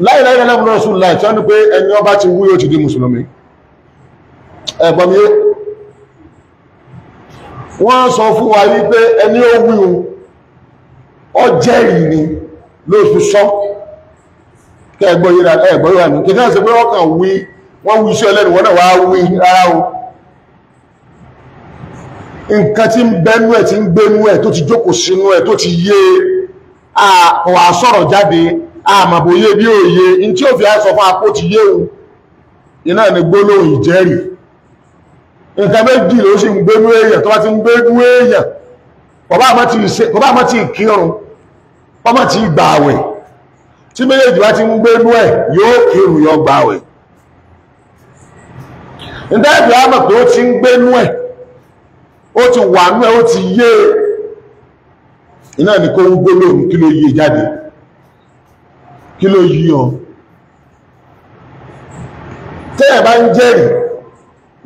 láìláìlá mọ́ rọ́sùn láì tí wọ́n ní pé ẹni ọba ti wú ti di wọ́n sọ fún wa wípé ẹni ó wú ọ jẹ́rìí ni ló fi sọ kẹgbọ́yíra ní kí náà sí pé ọkàn wí wọ́n wú iṣẹ́ ẹlẹ́nu wọ́n náà wá wí rárá o nǹkan ń ẹ̀ ń ẹ̀ tó ti jókòó e, àmàbòye bí òye in tí ó fi àìsọ fún apó ti yé òun iná ni gbólóhùn ìjẹ́rì nǹkan méjì ló sì ń gbénú èèyàn tó bá ti ń gbénú èèyàn bàbá àmọ́ ti kírun ọmọ ti gbààwẹ̀ tí méjèèjì wá ti ń gbénú ẹ̀ yóò kírun yọ gbààwẹ̀ nígbà ìgbà àmọ̀ pé ó ti ń gbénú ẹ̀ ó ti wà nú ẹ̀ ó ti yé e. iná ni kó ń gbólóhùn kí ló yé jáde kí ló yí ọ tẹ́ ẹ̀ bá ń jẹ́rìí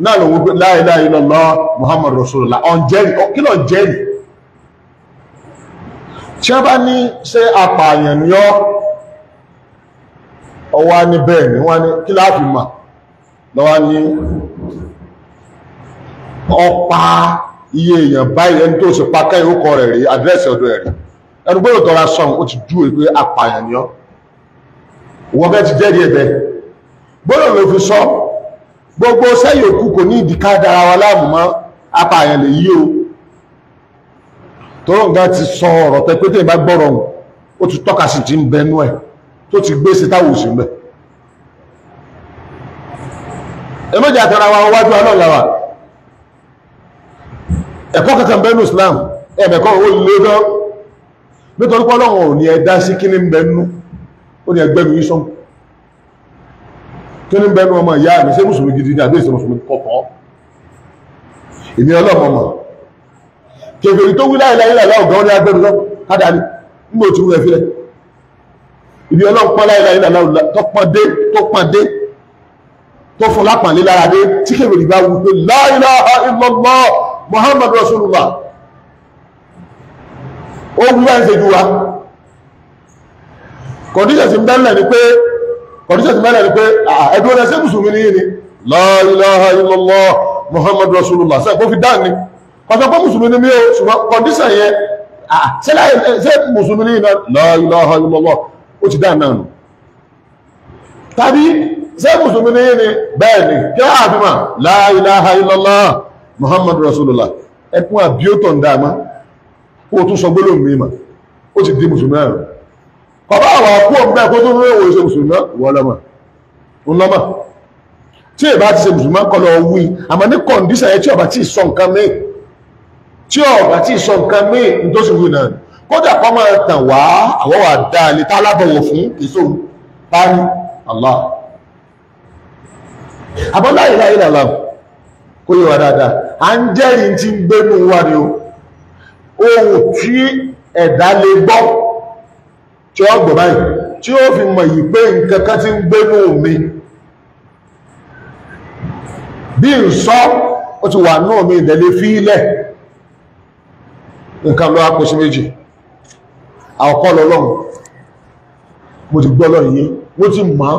náà lòun gbé la ilaha illallah muhammadu rasulullah ọ̀n jẹ́rìí kí ló jẹ́rìí tí a bá ní ṣe àpààyàn ní ọ́ ọwá ní bẹ́ẹ̀ ni wọ́n ní kí láàfin mà lọ́wọ́ ní ọpa iye èèyàn báyìí ẹni tó sì pa kẹ́yìn ó kọ rẹ̀ rí àdírẹ́sì ọ̀dọ̀ ẹ̀rí ẹnu gbọ́dọ̀ tọ́ra sọ̀rọ̀ ó ti dúró pé àpààyàn ní ọ́ wọ́n fẹ́ ti jẹ́rìí ẹ̀bẹ̀ gbọ́dọ̀ ló fi sọ gbogbo sẹ́yìn òkú kò ní ìdíkà dára wa láàmú mọ́ apààyàn lè yí o tọ́rọ nǹkan ti sọ ọ̀rọ̀ tẹ pé tẹ́yìn bá gbọ́rọ̀ hùn ó ti tọ́ka sí ti ń bẹnu ẹ̀ tó ti gbé sí táwọn òsì ń bẹ̀ ẹmọ́jà tẹ́ra wa wájú aláwọ̀ ẹ̀kọ́ kankan bẹ́nu Islam ẹ̀mẹ̀kọ́ owó lè lọ́dọ́ nítorí pé Ọlọ́run ò ní ẹ̀dá sí kíní ń bẹ́nu ó ní ẹgbẹ́ mi sọ́n kí ní bẹnu ọmọ ìyá mi ṣé mùsùlùmí gidi ní àbí ìṣẹ́ mùsùlùmí kọ̀ọ̀kọ́ èmi ọlọ́mọ mọ̀ kèfèrè tó wí láìláì láìláì ọ̀gá ó ní agbẹ́mi lọ kádà ní nígbà òtún rẹ̀ fílẹ̀ ìbí ọlọ́pọ̀ láìláì láìláì tó pọ́n dé tó pọ́n dé tó fún lápàlé lára dé tí kèfèrè bá wù pé la ilaha illallah Muhammad Rasulullah ó wú láì ṣe ju wa kọ̀díṣẹ̀ sí bẹ́lẹ̀ ni pé kọ̀díṣẹ̀ sí bẹ́lẹ̀ ni pé ẹ̀dùn ẹ̀sẹ̀ mùsùlùmí ní ní la ilaha illallah muhammad rasulullah sẹ́ kó fi dáà ní pàṣẹ pé mùsùlùmí ní mí o ṣùgbọ́n kọ̀díṣẹ̀ yẹn ṣe mùsùlùmí ní iná la ilaha illallah ó ti dáà náà nù tàbí ṣe mùsùlùmí ní ní bẹ́ẹ̀ ni kí á àfihàn la ilaha illallah muhammad rasulullah ẹkún àbíótọ̀ ń dáa má kó o tún sọ gbólóhùn mi mà ó ti di mùsùlùmí náà kọ̀bá àwọn àkú ọ̀gbẹ́ kó tó fún òwe ṣe mùsùlùmá wọ́n lọ́mọ̀ ńlọ́mọ̀ tí ìbá ti ṣe mùsùlùmá kọ́ lọ wí àmọ́ ní kọ̀ǹdíṣà yẹn tí ọba tí ì sọ nǹkan míì tí ọba tí ì sọ nǹkan míì ní tó sì wí náà kódà kọ́ máa tàn wá àwọn wà dáa lè tá alábọ̀wọ̀ fún èso tani Allah àbọ̀ láyé láyé làlá kó yẹ wà dáadáa à ń jẹ́rìí tí ń gbénu wa ni o ohun tí ẹ̀dá lè gbọ́ tí ó gbọ̀ báyìí tí ó fi mọ̀ yìí pé nǹkan kan ti ń gbénú mi bí n sọ ó ti wà náà mi ìdẹ̀lé fílẹ̀ nǹkan ló ápò sí méjì àkọ́kọ́ lọ́lọ́run mo ti gbọ́ lọ́rùn yìí mo ti mọ̀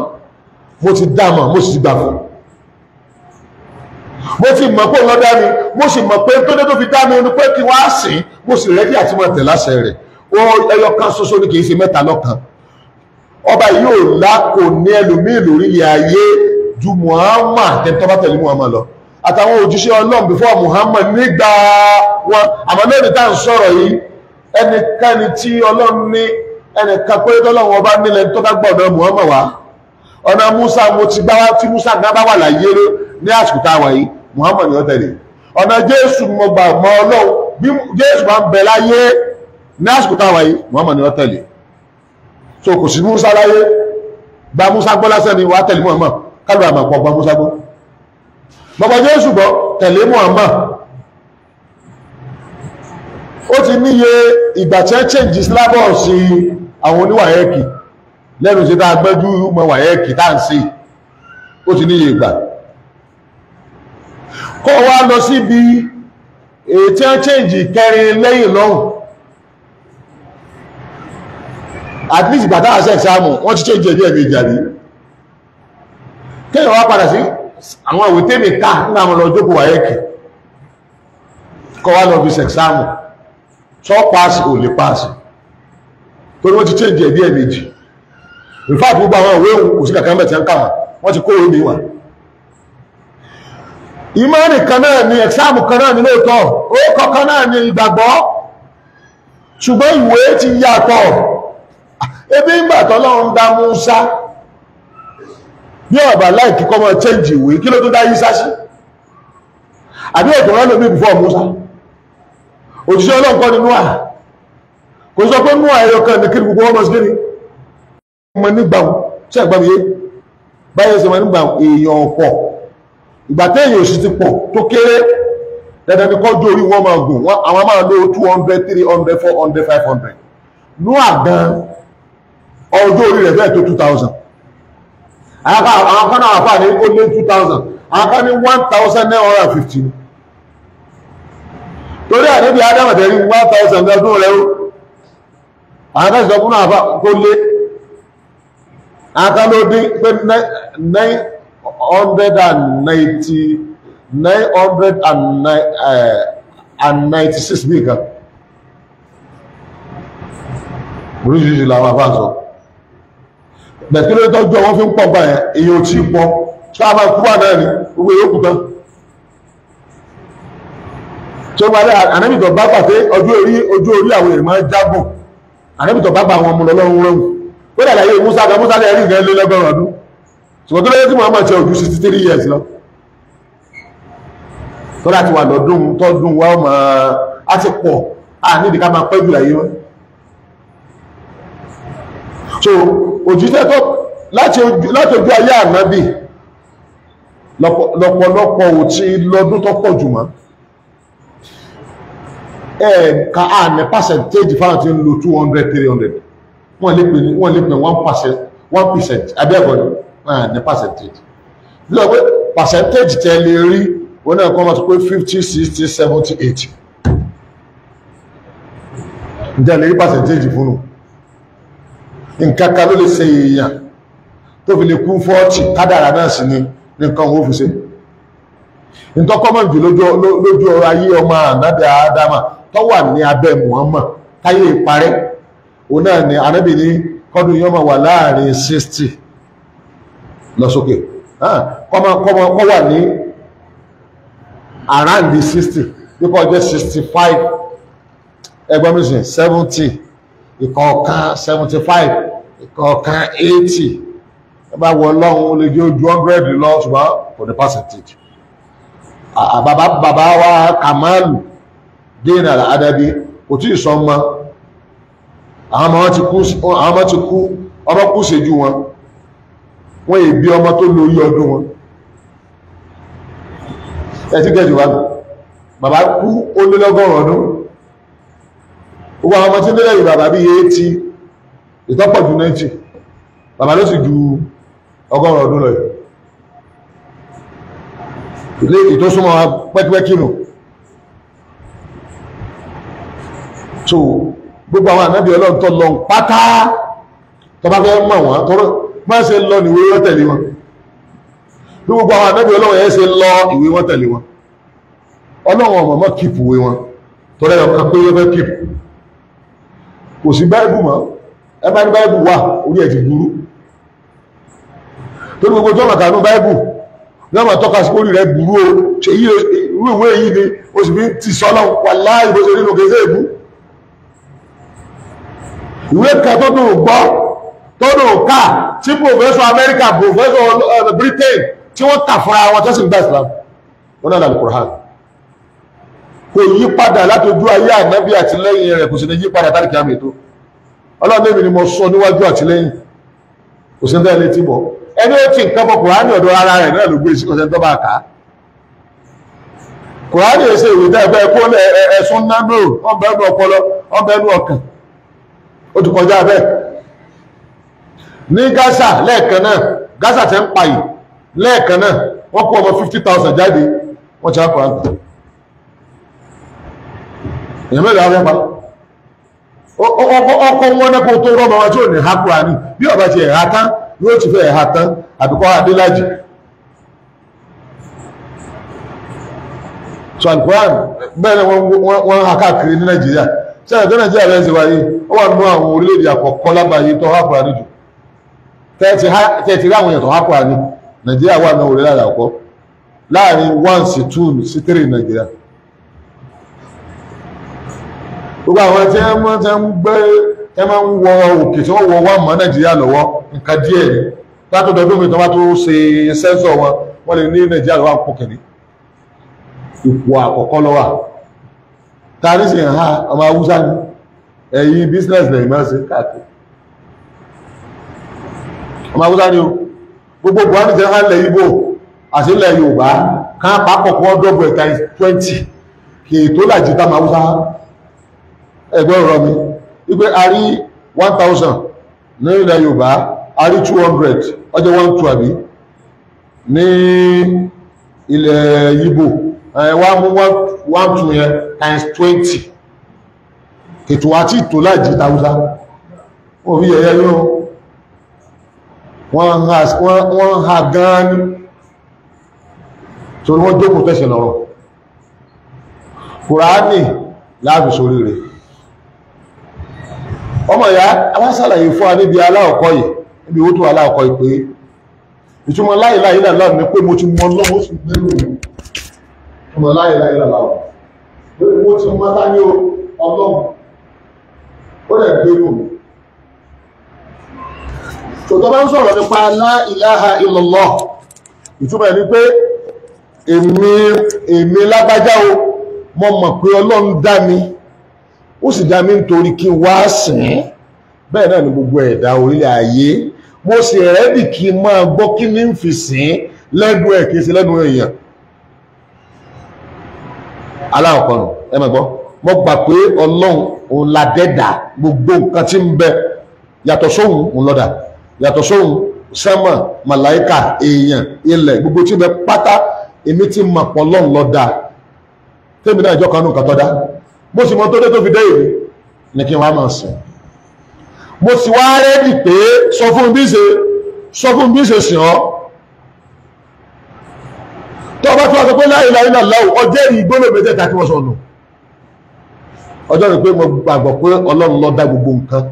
mo ti dámọ̀ mo sì gbà fún mo ti mọ̀ pé lọ́dá mi mo sì mọ̀ pé tó dé tó fi dá mi inú pé kí wọ́n á sìn mo sì rẹ́dí àti mọ̀ tẹ̀ láṣẹ rẹ̀ ẹyọ kan ṣoṣo ní kìí ṣe mẹ́ta lọ́kan ọba yóò lákò ní ẹlòmíì lórílẹ̀ ayé ju Muhammad tẹ́tọ́bá tẹ̀lé Muhammad lọ àtàwọn òjíṣẹ́ Ọlọ́run before Muhammad nígbà wọn àmọ́ lẹ́ni tá à ń sọ̀rọ̀ yìí ẹnikẹ́ni tí Ọlọ́run ní ẹnìkan pé tọ́lọ́run ọba nílẹ̀ tó bá gbọ́dọ̀ Muhammad wá ọ̀nà Musa mo ti gbá tí Musa gbá bá wà láyé ní àsìkò táwa yìí Muhammad ni ó tẹ̀lé ọ̀nà Jésù mo gbà mọ́ Ọlọ́run bí Jésù máa ń bẹ láyé ní àsìkò táwa yìí Muhammad ni wọ́n tẹ̀lé so kò sí Musa láyé gba Musa gbọ́ lásán ni wàá tẹ̀lé Muhammad kálù àmà pọ̀ gba Musa gbọ́ bàbá Jésù gbọ́ tẹ̀lé Muhammad ó ti níye ìgbà tí wọ́n change syllabus àwọn oníwàyẹ́kì lẹ́nu ṣe tá a gbẹ́jú mọ wàyẹ́kì tá à ń ṣe ó ti níye ìgbà kó wa lọ síbi èyí tí wọ́n kẹrin lẹ́yìn lọ́hùn at least ìgbà táwọn ṣe ẹ̀sáàmù wọ́n ti change ẹ̀bí ẹ̀bí ìjàrí kéèyàn wá padà sí àwọn ìwé tèmi ká nínú àwọn ọlọ́jọ́ kò wáyé kì kọ́ wá lọ bí ṣẹ̀sáàmù sọ pass ò lè pass torí wọ́n ti change ẹ̀bí ẹ̀bí ìjì in fact gbogbo àwọn ìwé òun kò sí kankan mẹ́tẹ̀ ń kà wọ́n wọ́n ti kó ìwé mi wà ìmánì kan náà ni ẹ̀sáàmù kan náà ni lóòótọ́ ó kọ̀ọ̀kan náà ni ìgbàgbọ́ ṣùgbọ́n ìwé ti yàtọ̀ ebi ńgbà tọ́lọ́run dá Musa bí ọ̀bà láìkí kọ́mọ change ìwé kí ló tó dá yísá sí àbí ètò rán lómi before Musa òjíṣẹ́ Ọlọ́run kọ́ ni Núà kò sọ pé Núà ẹ̀yọ kan ní kí gbogbo ọmọ sí kiri ọmọ nígbàun sí àgbàmù yé báyẹ̀ sí ọmọ nígbàun èèyàn ọ̀pọ̀ ìgbà téèyàn òsì ti pọ̀ tó kéré dandan ni kọjú orí wọn máa gùn àwọn máa lo two hundred three hundred four hundred five hundred Núà gan-an ọjọ́ orí rẹ̀ bẹ́ẹ̀ tó two thousand àwọn kan náà àpá ní ó lé two thousand àwọn kan ní one thousand nine hundred and fifty torí àdébí Ádámù tẹ̀lé one thousand ọdún rẹ̀ ó àwọn kan sọ fún náà àpá kó lé àwọn kan ló dín pé nine hundred and ninety nine hundred and eh, ninety six bí nǹkan oríṣiríṣi làwọn afáàsọ bẹ̀kíló tọ́jú ọwọ́ fi ń pọ̀ báyẹn èyí ò tí pọ̀ ṣáàbà kúrò náà ni gbogbo yòókù tán tó wáyé ànábìtọ̀ bá pàté ojú orí ojú orí àwọn èèyàn máa ń jágùn ànábìtọ̀ bá pa àwọn ọmọ ọlọ́run rọrùn ó dà láyé musa kan musa lẹ́yìn nǹkan lé lọ́gọ́rùn ọdún ṣùgbọ́n tó lẹ́yìn tí muhammad ṣe ojú sixty three years lọ tó láti wà lọ́dún tọ́dún wa ọmọ á ti pọ̀ à nídìí ká máa pẹ́ jù láyé wọn so òjíṣẹ́ tó láti ojú ayé ànábì lọ́pọ̀lọpọ̀ ò ti lọ́dún tó pọ̀ jùmọ́ ẹ̀ẹ̀ka àmì percentage fáwọn tí ń lo 200 300 wọ́n lè pè wọ́n lè pè 1% percent abẹ́ẹ̀kọ́ ni àmì percentage bí wọ́n pé percentage tẹ́ lè rí wọ́n náà kọ́ máa tó pé 50 60 70 80 ǹjẹ́ lè rí percentage fún un nǹkan kan ló lè ṣe èèyàn tó fi lè kún fọ́ọ̀tì kádàrà náà sì ni nǹkan òun fi ṣe ìtọ́kọ́mọ̀ jù lójú ọrọ̀ ayé ọmọ ànábì àádámà tó wà ní abẹ́ Muhammad táyé ìparẹ́ òun náà ni ànábì ní kọ́dún yọ́mọ̀ wà láàrin 60 lọ sókè kọ́ wà ní around the 60 bí kò jẹ́ 65 ẹgbẹ́ mi sìn 70 ìkọ̀ọ̀kan seventy five ìkọ̀ọ̀kan eighty ẹ bá wọ ọlọ́run ó lè jẹ́ ojú hundred lọ ṣùgbọ́n kò ní percentage bàbá bàbá wa kàmáàlù dènà àdàbí kò tí ì sọ ọmọ àwọn ọmọ ti kú ọmọ kú ṣèjú wọn wọ́n yìí bí ọmọ tó lóyí ọdún wọn ẹ̀ tí gẹ̀ẹ́jù wá bàbá kú ó lé lọ́gọ́rùn ọdún gbogbo àwọn ọmọ tí ń délẹ̀ yìí bàbá bí eighty ìtọ́pọ̀ ju ninety bàbá ló sì ju ọgọ́rùn ọdún lọ ilé ìtọ́súnmọ́ pẹ́kipẹ́kí nù so gbogbo àwọn ànábì ọlọ́run tó lọ pátá tọba fẹ́ mọ̀ wọ́n tọ́rọ máa ṣe lọ ìwé wọ́n tẹ̀lé wọn bí gbogbo àwọn ànábì ọlọ́run ẹ̀ ṣe lọ ìwé wọ́n tẹ̀lé wọn ọlọ́run ọmọ mọ́ kíìpù ìwé wọn tọ́rẹ́ ọkàn pé yẹ fẹ́ kíìpù kò sí báìbù mọ́ ẹ bá ní báìbù wà orí ẹ̀ ti burú tó ní gbogbo tó màkà ní báìbù ní ọmọ tọ́ka sí orí rẹ̀ burú o ṣe yí irú ìwé yìí ni o sì fi ti sọ́lọ́ wà láì bó ṣe nínú kéde èbú ìwé kan tó dùn gbọ́ tó dùn ká tí professor America professor eh, Britain tí wọ́n kà fúnra wọn tó sì ń gbà Islam wọn náà lálẹ́ Kùránì kò yí padà látọjú ayé ànábì àtìlẹ́yìn rẹ̀ kò sì ní yí padà tálíkì àmì ètò ọlọ́run èmi ni mo sọ níwájú àtìlẹ́yìn kò sí ní ẹni tí bọ̀ ẹni ó ti nǹkan bọ̀ kùránì ọ̀dọ̀ ara rẹ̀ náà ló gbé sí kọ̀sẹ̀ tó bá kà á kùránì èsè ìwé dá ẹgbẹ́ kó ẹ̀sùn nábò ọ̀bẹ ẹnu ọpọlọ ọ̀bẹ ẹnu ọkàn ó ti kọjá bẹ́ẹ̀ ní Gaza lẹ́ẹ̀kan náà Gaza tẹ́ ń payì lẹ́ẹ̀kan náà wọ́n kó ọmọ fifty thousand jáde wọ́n ti á kọ́ àgbẹ̀ èèyàn mẹ́rin afẹ́ pa ọkọ̀ wọn nẹ́kọ̀ tó rọ́mọ wájú wa ha ní bí ọba tán ti fẹ́ ẹ̀ha tán àbíkọ́ adélájì bẹ́ẹ̀ ni wọ́n ha káàkiri ní nàìjíríà sẹ́yìn tó nàìjíríà rẹ̀ ń sèwá ó wà nínú àwọn orílẹ̀-èdè àkọ́kọ́ lágbàáyé tó ha kúra níjù tẹ́ẹ̀tì nàìjíríà wà nínú orílẹ̀-èdè two three nàìjíríà. gbogbo àwọn tí wọ́n ti ń gbé ẹ máa ń wọ òkè tí wọ́n wọ wá mọ́ nàìjíríà lọ́wọ́ nǹkan díẹ̀ ni látọ̀dọ̀ ẹgbẹ́ mi tó bá tó ṣe sẹ́ńsọ̀ wọn wọ́n lè ní nàìjíríà lọ́wọ́ àpò kẹ̀lé ipò àkọ́kọ́ lọ́wọ́ tàbí sì ń ha ọmọ haúsá ni ẹ̀yin business lẹ́yìn máa ṣe káàkiri ọmọ haúsá ni o gbogbo buhari jẹ́ hàn lẹ́yìn bò àti ilẹ̀ yorùbá ká pàápọ̀ kọ́ dọ́gbọ̀ twenty kì í tó làjì tá máa haúsá ẹgbẹ́ ọ̀rọ̀ mi wípé a rí one thousand ní ilẹ̀ Yorùbá a rí two hundred ọjọ́ one two àbí ní ilẹ̀ Ìgbò wọ́n mú one two yẹn times twenty ètò àti ìtò láìjí tàúsá wọ́n fi yẹ̀yẹ́ yóò wọ́n ha gan ní torí wọ́n jókòó tẹ́sẹ̀ lọ́rọ̀ Kùránì láàbì sórí rẹ̀ ọmọ ìyá aláṣàlàyé fún wa níbi aláọ̀kọ́ yìí níbi owó tó wà aláọ̀kọ́ yìí pé ìtumọ̀ láìláì làlá ni pé mo ti mọ lọ́wọ́ sí mẹ́rù mi ìtumọ̀ láìláì làlá o pé mo ti mọ láyé ọlọ́run ó lè gbé mọ̀ tòtọ́ bá ń sọ̀rọ̀ nípa lá ilaha illallah ìtumọ̀ ni pé èmi èmi lágbájá o mo mọ̀ pé ọlọ́run dá mi ó sì dá mi nítorí kí wá sìn bẹ́ẹ̀ náà gbogbo ẹ̀dá orílẹ̀ ayé mo sì rẹ́dì kí máa gbọ́ kí ní fi sìn lẹ́nu ẹ̀ èèyàn ẹ gbọ́ mo gbà pé ọlọ́run òun la gbogbo nǹkan tí ń bẹ yàtọ̀ sóhun òun lọ́dà yàtọ̀ gbogbo tí pátá èmi ti mọ̀ pọ̀ lọ́dà náà ìjọ mo sì mọ tó dé tó fi dé ìlú ní kí wọ́n máa sìn mo sì wá rẹ́dì pé sọ fún bí ṣe sọ fún bí ṣe sìn ọ́ tó bá tó wá sọ pé la ilaha illallah ọjọ́ ìgbóná mẹ́tẹ̀ẹ̀ta kí wọ́n sọnù ọjọ́ rẹ̀ pé mo gbàgbọ́ pé ọlọ́run ló dá gbogbo nǹkan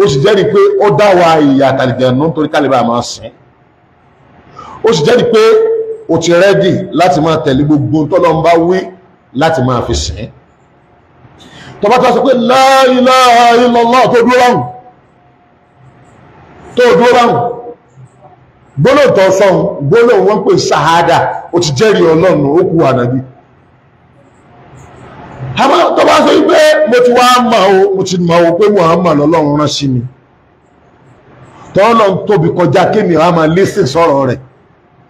o sì jẹ́rìí pé ó dá wa ìyà àtàlìjẹ̀nù nítorí kálíbà máa sìn ó sì jẹ́rìí pé ó ti rẹ́dì láti máa tẹ̀lé gbogbo tọ́lọ́run wí láti máa fi sìn tó bá tó sọ pé la ilaha illallah tó dúró ráhùn tó dúró ráhùn gbólóhùn tó sọhùn gbólóhùn wọ́n pè ṣàhádà ó ti jẹ́rìí ọlọ́run ó kú ànábì àmọ́ tó bá sọ wípé mo ti wá mọ̀ o mo ti mọ̀ o pé Muhammad lọ́lọ́run rán sí mi tọ́lọ́ tóbi kọjá kémi àwọn máa lẹ́sìn sọ̀rọ̀ rẹ̀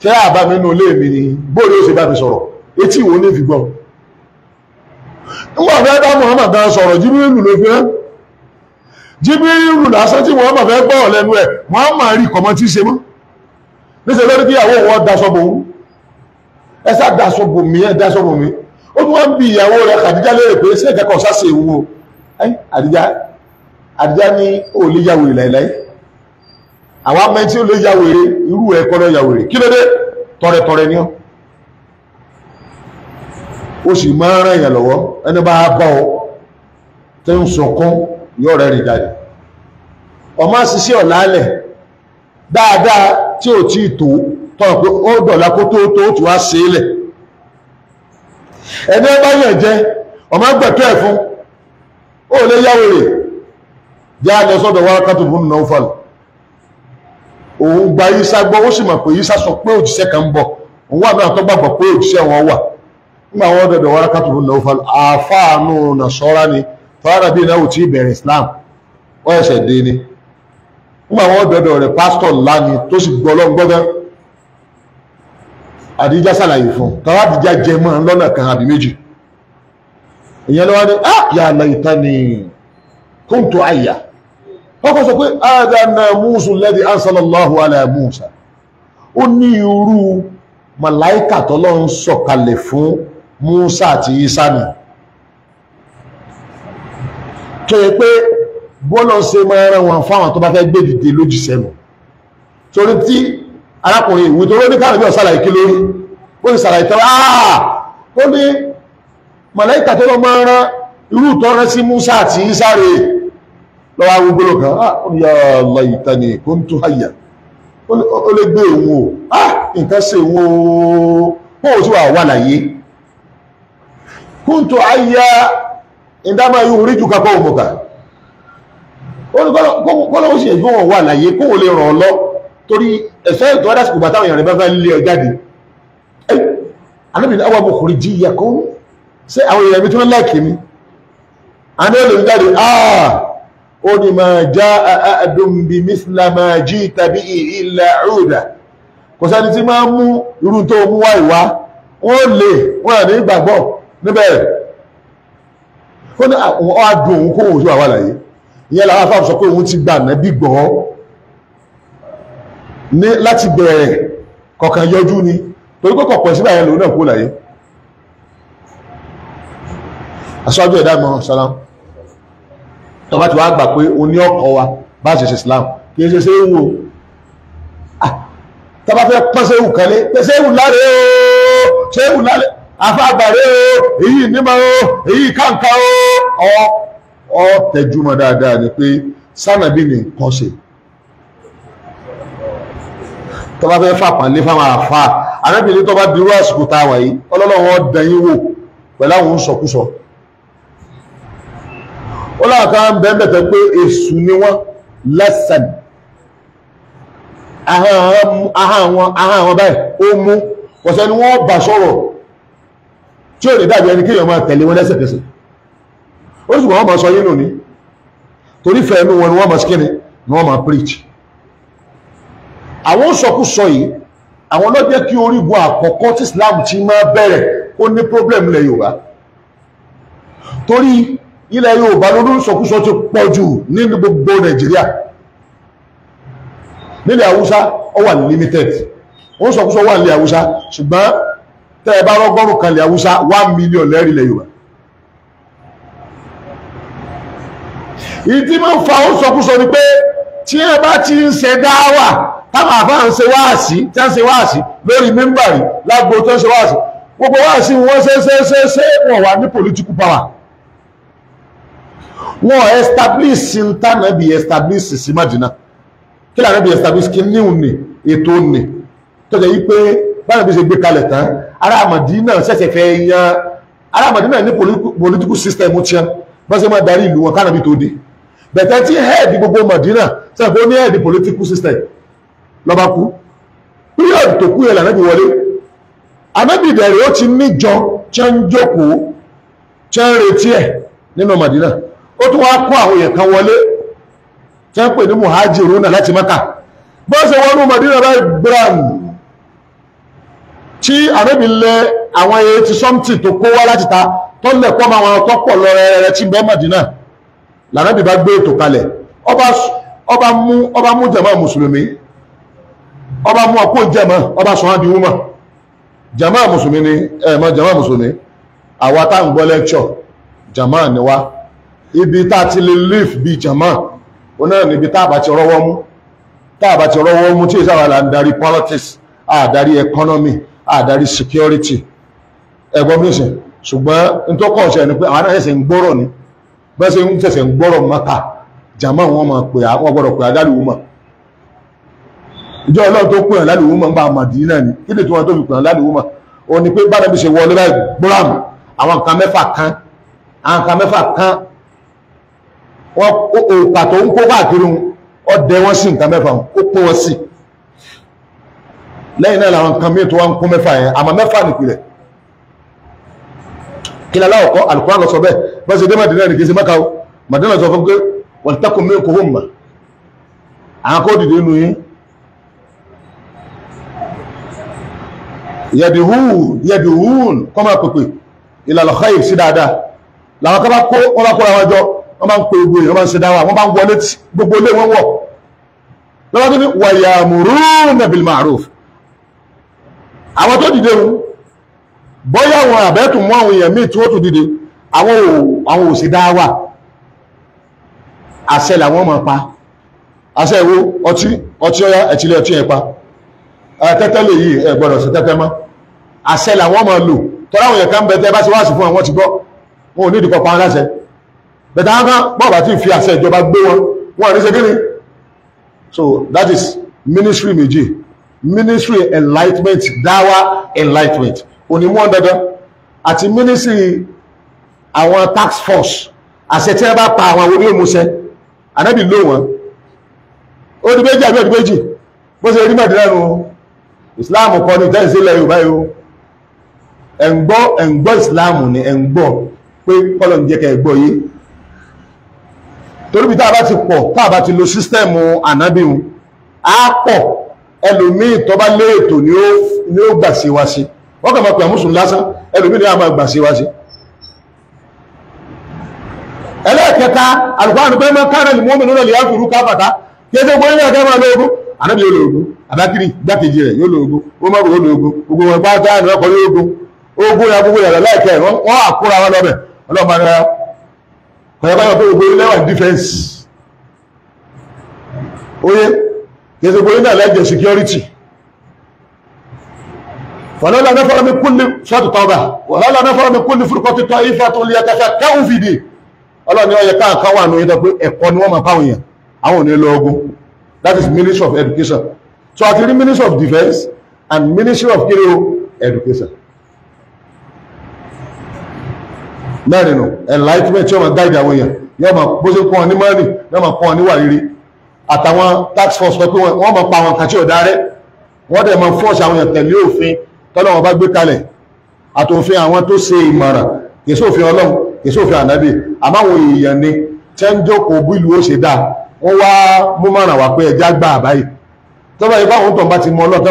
tẹ́ àbámi inú ilé mi ni bóòlù ó ṣe bá mi sọ̀rọ̀ etí ìwò ní fi gbọ́ nígbà fẹ́ bá Muhammad gan sọ̀rọ̀ Jibrilu ló fẹ́ Jibrilu lásán tí Muhammad fẹ́ gbọ́ lẹ́nu ẹ̀ Muhammad rí kọ̀mọ́ tí ṣe mọ́ níṣẹ́ lórí kí ìyàwó wọn daṣọ bò ń ẹ sá daṣọ bò mí ẹ daṣọ bò mí ó tún wá ń bi ìyàwó rẹ̀ Khadija lérè pé ṣé ìkẹ́kọ̀ọ́ sáṣe ìwú o Khadija Khadija ní ò lè yàwó ìlàìláì àwọn amẹ́ntí ó lè yàwó èrè irú ẹ̀kọ́ lọ yàwó èrè kí ló dé tọrẹtọrẹ ni ọ́ ó sì máa ràn yàn lọ́wọ́ ẹni bá bá ọ tó ń sọkún yóò rẹ̀ rí jáde ọmọ àṣìṣe ọ̀làálẹ̀ dáadáa tí ò tí tó tọ́rọ pé ó dọ̀lá kó tó tó tó wá sí ilẹ̀ ẹni bá yàn jẹ ọmọ gbẹ̀tọ́ ẹ̀ fún ó lè yáwó rẹ̀ jẹ́ àjọ sọ́dọ̀ wá kátó fún náà fàlù òun gba yísà gbọ́ ó sì mọ̀ pé yísà sọ pé òjíṣẹ́ kan ń bọ̀ òun wà náà tó gbàgbọ́ pé òjíṣẹ́ wọn wà nígbà wọ́n dọ̀dọ̀ wọ́n rákàtùbù lọ́fà àfáànù nàṣọ́rá ni tọ́rọ bí náà tí bẹ̀rẹ̀ Islam wọ́n ẹ̀ṣẹ̀ dé ni nígbà wọ́n dọ̀dọ̀ rẹ̀ pásítọ̀ ńlá ni tó sì gbọ́ lọ́n gbọ́gán àdíjá sàlàyé fún tọ́rọ àdíjá jẹ mọ́ lọ́nà kan àbí méjì ìyẹn lọ́wọ́ ni ah yà á lẹ́yìn tán ni kóńtò àyà ọkọ̀ sọ pé àdánà Musa lẹ́dí ansalallahu ala Musa ó ní irú màláìkà tọ́lọ́run sọ̀kalẹ̀ fún Musa àti Isa nù tó yẹ pé bọ́lọ̀ ṣe máa rán wọn fáwọn tó bá fẹ́ gbé dìde lójíṣẹ́ nù torí tí arákùnrin ìwé tó lóní káàdì náà ṣàlàyé kí lórí ó ní ṣàlàyé tẹ́wọ́ áà ó ní màláìkà tó lọ máa rán irú ìtọ́rẹ́ sí Musa àti Isa rèé lọ́wọ́ agbógbóló kan ah, ó ní yàrá ìtàní kó ń tún àyà ó lè gbé òun o ah, nǹkan ṣe òun o bóòtú wà wà láyé kúntù ayá ìdámà yóò rí jùkà kọ́ òmùkà kọ́lọ́wọ́ sí ẹ̀gbọ́n wọn wà láyé kó o lè ràn ọ́ lọ torí ẹ̀sọ́ ìtọ́ adásìkò bàtà àwọn èèyàn rẹ̀ bá lé ọ jáde anábìnrin àwọn ọmọkùnrin jí ìyà kó ṣe àwọn èèyàn mi tí wọ́n láìkì mi àná lè ń jáde áà ah, ó ní máa já àdùnbí mísìlá máa jí tàbí ilẹ̀ ọ̀dà kò sẹ́ni tí máa mú irú tó mú wá ìwá wọ́n lè wọ́n à ní ìgbàgbọ́ níbẹ̀ ó ní àwọn àdùn òun kó òun tó wà láyé ìyẹn làwọn afáàfù sọ pé òun ti gbà nábì gbọ́ ní láti bẹ̀rẹ̀ kọ̀kan yọjú ni torí pé kọ̀pọ̀ síbẹ̀ yẹn lòun náà kó láyé aṣáájú ẹ̀dá ìmọ̀ sàlám tọ́ba ti wá gbà pé o ní ọkọ̀ wa bá ṣe Islam kì í ṣe ṣe ewu o ah, tọ́ba fẹ́ pọ́n ṣe ewu kan lé ṣe ewu lálẹ́ o ṣe ewu lálẹ́ afágbàrẹ́ o èyí nímọ̀ o èyí kàǹkà o ọ ọ tẹjúmọ́ dáadáa ni pé sànàbí ni nǹkan ṣe tọ́ba fẹ́ fàpàlẹ́ fáwọn àfa arábìnrin tọ́ba dirú àsìkò tá a wà yìí ọlọ́lọ́wọ́ dẹ̀yìn wò pẹ̀lú àwọn sọkúsọ ó láàká ń bẹ́ẹ̀ bẹ̀tẹ̀ pé èṣù ni wọ́n lẹ́sẹ̀n ahọ́n àwọn báyìí ó mú kọ̀sẹ́ ni wọ́n bà sọ̀rọ̀ tí ò ní dàbí ẹni kéèyàn máa tẹ̀lé wọn lẹ́sẹ̀kẹsẹ̀ ó sì wọ́n máa sọ yín lónìí torí fẹ́ inú wọn ni wọ́n máa skinny ni wọ́n máa preach àwọn sọkúsọ yìí àwọn ló jẹ́ kí orígun àkọ́kọ́ tí Islam ti máa bẹ̀rẹ̀ ó ní problem ilẹ̀ Yorùbá torí ilẹ̀ Yorùbá lórí sọkúsọ ti pọ̀ jù ní gbogbo Nàìjíríà nílẹ̀ Haúsá ó wà limited ó sọkúsọ wà nílẹ̀ Haúsá ṣùgbọ́n tẹ́ ẹ bá rọ́gọ́rùn kan lẹ̀ haúsá one million lẹ́rìí lẹ̀ yorùbá. ìdí máa ń fa òsọkúsọ ni pé tí ẹ bá ti ń ṣe dáwà táwọn àfáà ń ṣe wáàsí tí wọ́n ṣe wáàsí lórí mímbàrí lágbo tó ń ṣe wáàsí gbogbo wáàsí wọn ṣe ṣe ṣe ṣe wọn wà ní political power wọn establish ntànà bí establish sí Madina kí làwọn bí establish kí níwùn ni ètò ni tọ́jà yìí pé báyọ̀ bí ṣe gbé kalẹ̀ tán ará Mádínà ṣẹ̀ṣẹ̀ fẹ́ yan ará Mádínà ní political system tí wọ́n bá ṣe máa darí ìlú wọn kánàbí tó dé bẹ̀tẹ̀ tí head gbogbo Madina, ṣẹ̀fẹ̀ ó ní head political system lọ́ba kú period tó kú yẹn lànàbí wọlé anábì ìdẹ̀rẹ̀ ó ti níjọ tí ń jókòó tí ń retí ẹ̀ nínú Madina, ó tún wá kó àwọn èèyàn kan wọlé tí ń pè ní muhajiruna láti Mẹ́kà bó ṣe wọnú Mádínà báyìí brand tí àrẹ́bí lẹ àwọn ẹyẹ ti sọ́mtì tó kó wá láti ta tó lẹ̀ pọ́ máa wọn tó pọ̀ lọ rẹ̀ tí bẹ́ẹ̀ Mọ̀dínà làrẹ́bí bá gbé ètò kalẹ̀ ọba mú ọba mú jàmá mùsùlùmí ọba mú ọkọ̀ jàmá ọba sọ̀rọ̀ di wúmọ̀ jàmá mùsùlùmí ni ẹ̀ẹ̀mọ jàmá mùsùlùmí àwa tá à ń gbọ́ lẹ́kṣọ̀ jàmá ni wá ibi tá a ti lè live bi jàmá òun ni níbi tá a bá ti rọ́wọ́ mú tá a bá ti rọ́wọ́ mú tí èsì là ń darí politics àdarí economy àdarí security ẹ̀gbọ́n mi ṣùgbọ́n n tó kọ̀ ṣe ni pé àwọn ẹ̀sẹ̀ ń gbọ́rọ̀ ni ń ń gbọ́rọ̀ mọ́ta wọn máa pè á wọn gbọ́dọ̀ pè á ìjọ ọlọ́run tó pè á ń bá ni kí wọn tó fi pè á ní pé kan àwọn nǹkan kan wọn òkà tó ń kó káàkiri wọn ọdẹ wọn sí lẹ́yìn náà làwọn nǹkan míì tó wá ń kún mẹ́fà yẹn àmọ́ mẹ́fà nìpìlẹ̀ kí ni aláwọ̀ kọ́ alukóra lọ sọ bẹ́ẹ̀ bá ṣe dé Madina ní kì í ṣe Mẹ́ka o Madina sọ fún pé wọ́n ti takùn mí kò hó mà àwọn kò dìde nù yín yẹ̀dùhùn yẹ̀dùhùn kọ́ máa pèpè ìlànà xayè sí dáadáa làwọn kan bá kó wọn bá kóra wọn jọ wọn bá ń pe gbogbo èèyàn wọn bá ń ṣe dáwà wọn bá ń wọlé gbogbo ilé wọn wọ lọ́wọ́ tó ní wàyàmùrún nàbìlmàrúfù àwọn tó dìde o bóyá àwọn àbẹ́tùn mú àwọn èèyàn míì tí ó tún dìde àwọn ò àwọn ò sí dá wà àṣẹ làwọn máa pa àṣẹ ìwo ọtí ọtí ọyá ẹ̀tílẹ̀ ọtí yẹn pa tẹ́tẹ́ lè yí ẹ gbọ́dọ̀ sí tẹ́tẹ́ mọ́ àṣẹ làwọn máa lò tọ́lá àwọn èèyàn kan bẹ tẹ́ bá ti wá sí fún àwọn ti gbọ́ wọn ò ní ìdíkọ̀ pa wọn láṣẹ bẹ̀tẹ̀ àwọn kan bọ́ọ̀bà tí fi àṣẹ ìjọba gbé wọn wọn ò ní ṣe kí so that is ministry méjì ministry enlightenment dawa enlightenment onímọ̀ dandan àti ministry àwọn tax force àṣẹ tí wọ́n bá pa àwọn orí òmùsẹ́ ànábì ló wọn ó di méjì àbí ọdún méjì bó ṣe rí mẹ́rin lẹ́nu islam kọ́ ní tẹ́sí ilẹ̀ yorùbá yìí o ẹ̀ǹgbọ́ ẹ̀ǹgbọ́ islam ni ẹ̀ǹgbọ́ pé kọ́lọ̀ ń jẹ́ kẹ́ ẹ̀gbọ́ yìí torí bí tá a bá ti pọ̀ tá a bá ti lo sísítẹ́ẹ̀mù ànábìhun á pọ̀ ẹlòmíì tó bá lé ètò ni ó gbà sí wa sí wọ́n kàn máa pè àmúsùn lásán ẹlòmíì ni a máa gbà sí wa sí. ẹlẹ́ẹ̀kẹta àlùkò àdúgbò ẹ̀mọ́ káàrẹ̀ ni mọ́mí lónà lè yá kúrú káfàtà kí ẹ ànábì yóò lo ogun abakiri gbákejì rẹ̀ yóò lo ogun umaru yóò lo ogun gbogbo wọn bá dáhùn ọkọ yóò ogun ogun ya gbogbo yàrá láìpẹ́ wọn wọn àkóra wọn lọbẹ ọlọmọ ara kọyọkọyọ pé gbogbo ilé wà ní dífẹǹsì oye yẹsẹ̀ gbogbo náà lẹ́jẹ̀ security wàlọ́lá náà fọ́nà mi kún ní sọ́tù tọ́ba wàlọ́lá náà fọ́nà mi kún ní fúrukọ́tù tọ́ ifá tó lè yàtọ̀ káwọn fìdí ọlọ́ni ọ̀yẹ káàkan wà nínú pé ẹ̀kọ́ ni wọ́n máa fáwọn èèyàn àwọn ò ní lọ ogun that is ministry of education so àti rí ministry of defence and ministry of kiri education mẹ́rin nù enlightenment yóò máa guide àwọn èèyàn yóò máa bó ṣe kọ́ ọ ní mọ́rin yóò máa kọ́ ọ ní wà rírí àtàwọn tax force pé wọ́n mọ̀ pa àwọn kan tí ò dárẹ́ wọ́n dẹ̀ mọ̀ force àwọn èèyàn tẹ̀lé òfin tọ́lọ́wọ́n bá gbé kalẹ̀ àtòfin àwọn tó ṣe ìmọ̀ràn kèsò òfin ọlọ́run kèsò òfin ànábì àmáwọn èèyàn ni tẹ́ ń jókòó bí ìlú ó ṣe dáa wọ́n wá múmọ̀ràn wá pé ẹja gbà báyìí tọ́ba yìí báwọn tó bá ti mọ ọlọ́run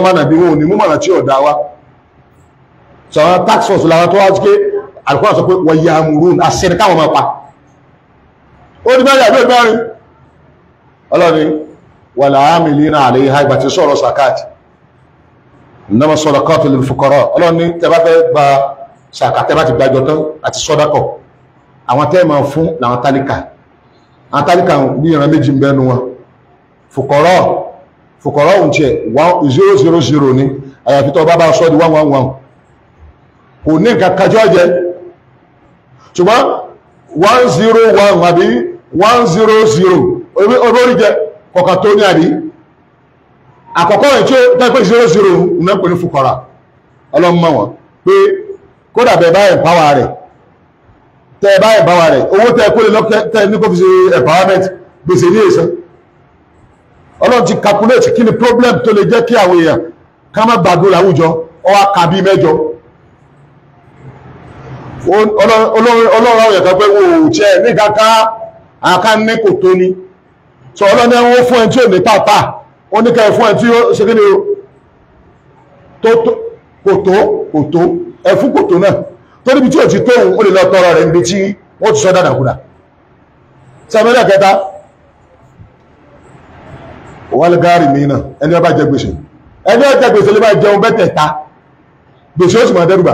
tọ́ba tax force làwọn tó wá sí pé àlùkò àṣọ pé wọ́n yà á mú rún àṣẹ ni ọlọ́ni wàlá àmìlínà àlè ìhà ìgbà tí sọ̀rọ̀ sàkáàtì nàmà sọ̀dọ̀kọ́ tó lè fòkọ̀rọ̀ ọlọ́ni tẹ́bá fẹ́ gba sàkàtẹ́ bá ti gbàjọ tán àti àwọn tẹ́ máa fún làwọn tálíkà àwọn tálíkà bí ìran méjì ń bẹ́nu wọn fukọrọ zero zero zero ni àyàfi tó bá di one one one kò ní nǹkan kájọ́ one zero one àbí one zero zero olórí jẹ kọ̀ọ̀kan tó ní àbí àkọ́kọ́ rẹ̀ tí ó tẹ́pẹ́ zero zero náà pè ní fukara ọlọ́mọ wọn pé kódà bẹ́ẹ̀ bá ẹ̀báwa rẹ̀ tẹ́ ẹ̀ bá ẹ̀báwa rẹ̀ owó tẹ́ ẹ kó lè lọ́kẹ́ tẹ́ ẹ ní kó fi ṣe empowerment gbèsè ní èsán ọlọ́run ti calculate kí ni problem tó lè jẹ́ kí àwọn èèyàn ká má gbàdúrà láwùjọ ọwọ́ ká bí mẹ́jọ ọlọ́run ọ̀yẹ̀ká pé wò ó tiẹ̀ ní kankan àká ní kò tó ni. Olor, olor, olor, olor, olor, olor, olor, olor, sọ ọlọ́ni ẹ̀ ń wó fún ẹ tí ò ní pàpà ó ní kẹ́ẹ̀ fún ẹ tí ó ṣe kí ni o tó tó kò tó kò tó ẹ fún kò tó náà torí ibi tí o ti tó òun ó lè lọ tọrọ rẹ̀ níbi tí wọ́n ti sọ dàdàkúdà sàmẹ́lẹ̀ kẹta wàlgárì mìíràn ẹni ọba jẹ gbèsè ẹni ọjẹ gbèsè lè máa jẹun bẹ́tẹ̀ẹ̀ta gbèsè ó sì máa dẹ́rùbà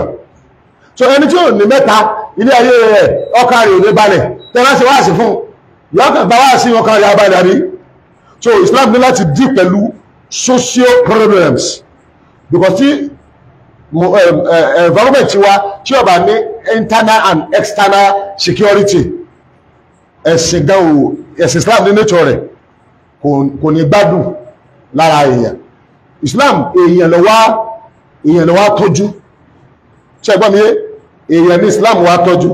so ẹni tí ò ní mẹ́ta ilé ayé rẹ̀ ọkà rẹ̀ ò ní balẹ̀ tẹ́lá sí wáàsí fún un yọkàn sí ọkàn rẹ̀ abáyé so Islam ní láti dì pẹ̀lú social problems because tí eh, eh, environment wa tí ó ní internal and external security ẹ̀sìn gan o ẹ̀sìn Islam ní nature rẹ̀ kò ní gbádùn lára èèyàn Islam èèyàn lọ wá èèyàn lọ wá tọ́jú ṣẹ́gbọ́n mi èèyàn ní Islam wá tọ́jú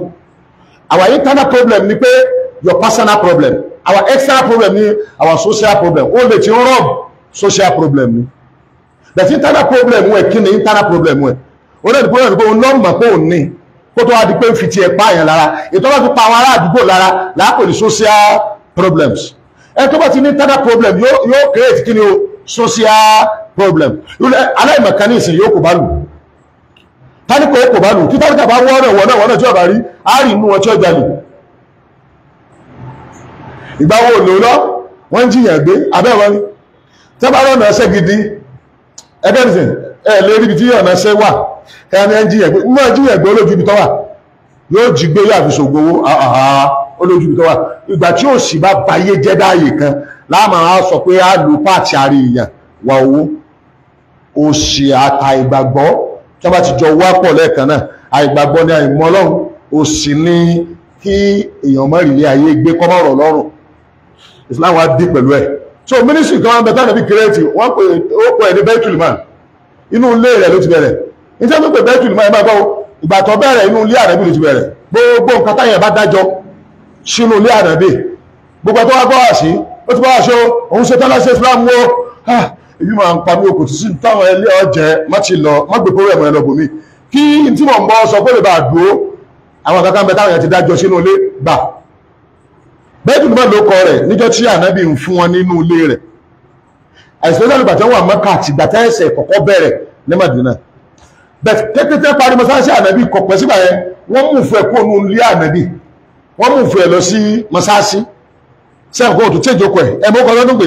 àwọn internal problem ni pé your personal problem our external problem ni our social problem ó lè ti ń social problem ni but internal problem ẹ̀ kini ni internal problem ẹ̀ ó lè dìbò ìdìbò òun náà mọ̀ pé òun ní kó tó di pé ń fi tiẹ̀ pa àyàn lára ètò ọ̀rọ̀ fi pa àwọn ará àdúgbò lára làápò ní social problems ẹ tó bá ti ní internal problem yóò create kini o social problem aláìmọ̀kan ní ìsìn yóò kò bá lù tálíkò yóò kò bá lù kí tálíkà bá wọ́ọ̀rọ̀ wọ̀ náà wọ̀ náà tí wọ́n bá rí á rí inú wọn tí wọ́n jalè ìgbà wo ló lọ wọ́n ń jiyàn gbé abẹ́wọ́n ni tí wọ́n bá rọ̀nà ẹsẹ̀ gidi ẹgbẹ́ nìsín ẹ lè rí ibi tí ọ̀nà ẹsẹ̀ wà ẹ ní ẹ ń jiyàn gbé mọ́ jiyàn gbé olójú ibi tó wà yóò jí gbé yóò àfisò gbowó olójú ibi tó wà ìgbà tí ò sì bá bayé jẹ́ dáàyè kan láàmà á sọ pé á lu páàtì àrí ìyàn wà owó òṣì àtà ìgbàgbọ́ tí wọ́n bá ti jọ wá pọ̀ lẹ́ẹ̀kan náà àìgbàgbọ́ ni àìmọ́ ọlọ́run òṣì ni kí èèyàn mọ́ ayé gbé kọ́mọ̀rọ̀ lọ́rùn Islam wa dín pẹ̀lú ẹ̀ so ministry kan wọn bẹ táwọn ẹbí kírẹ́ẹ̀tì wọn pè ó pọ̀ ẹ̀ ní Baitul Mal inú ilé rẹ̀ ló ti bẹ̀rẹ̀ iṣẹ́ pípé Baitul Mal ẹ̀ máa gbọ́ ìgbà tó bẹ̀rẹ̀ inú ilé àrẹ́bí ló ti bẹ̀rẹ̀ gbogbo nǹkan táyẹ̀ bá dájọ́ sínú ilé àrẹ́bí gbogbo tó wá gbọ́ àṣì ó ti bá aṣọ òun ṣe tọ́lá ṣe Islam wo ah, èyí máa ń pa mí okò sísìn táwọn ilé ọjẹ má ti lọ má gbé kóró ẹ̀mọ́ ẹ lọ bòmí kí tí mò ń bọ́ sọ pé lè bá dúró àwọn kankan bẹ táwọn yẹn ti dájọ́ sínú bẹ́ẹ̀dùn náà ló kọ rẹ̀ níjọ́ tí ànábì ń fún wọn nínú ilé rẹ̀ bàtà wà mọ́kà àti bàtà ẹsẹ̀ kọ̀kọ́ bẹ̀rẹ̀ ní Madina bẹ́ẹ̀ kékeré parí mọ́sáàsì ànábì kọ̀pẹ́ sígbà yẹn wọ́n mú fẹ́ kó nu ilé ànábì wọ́n mú fẹ́ lọ sí mọ́sáàsì sẹ́yìn kó o tẹ́ ìjókòó ẹ̀ ẹ̀ mọ́kọ́ lọ́dún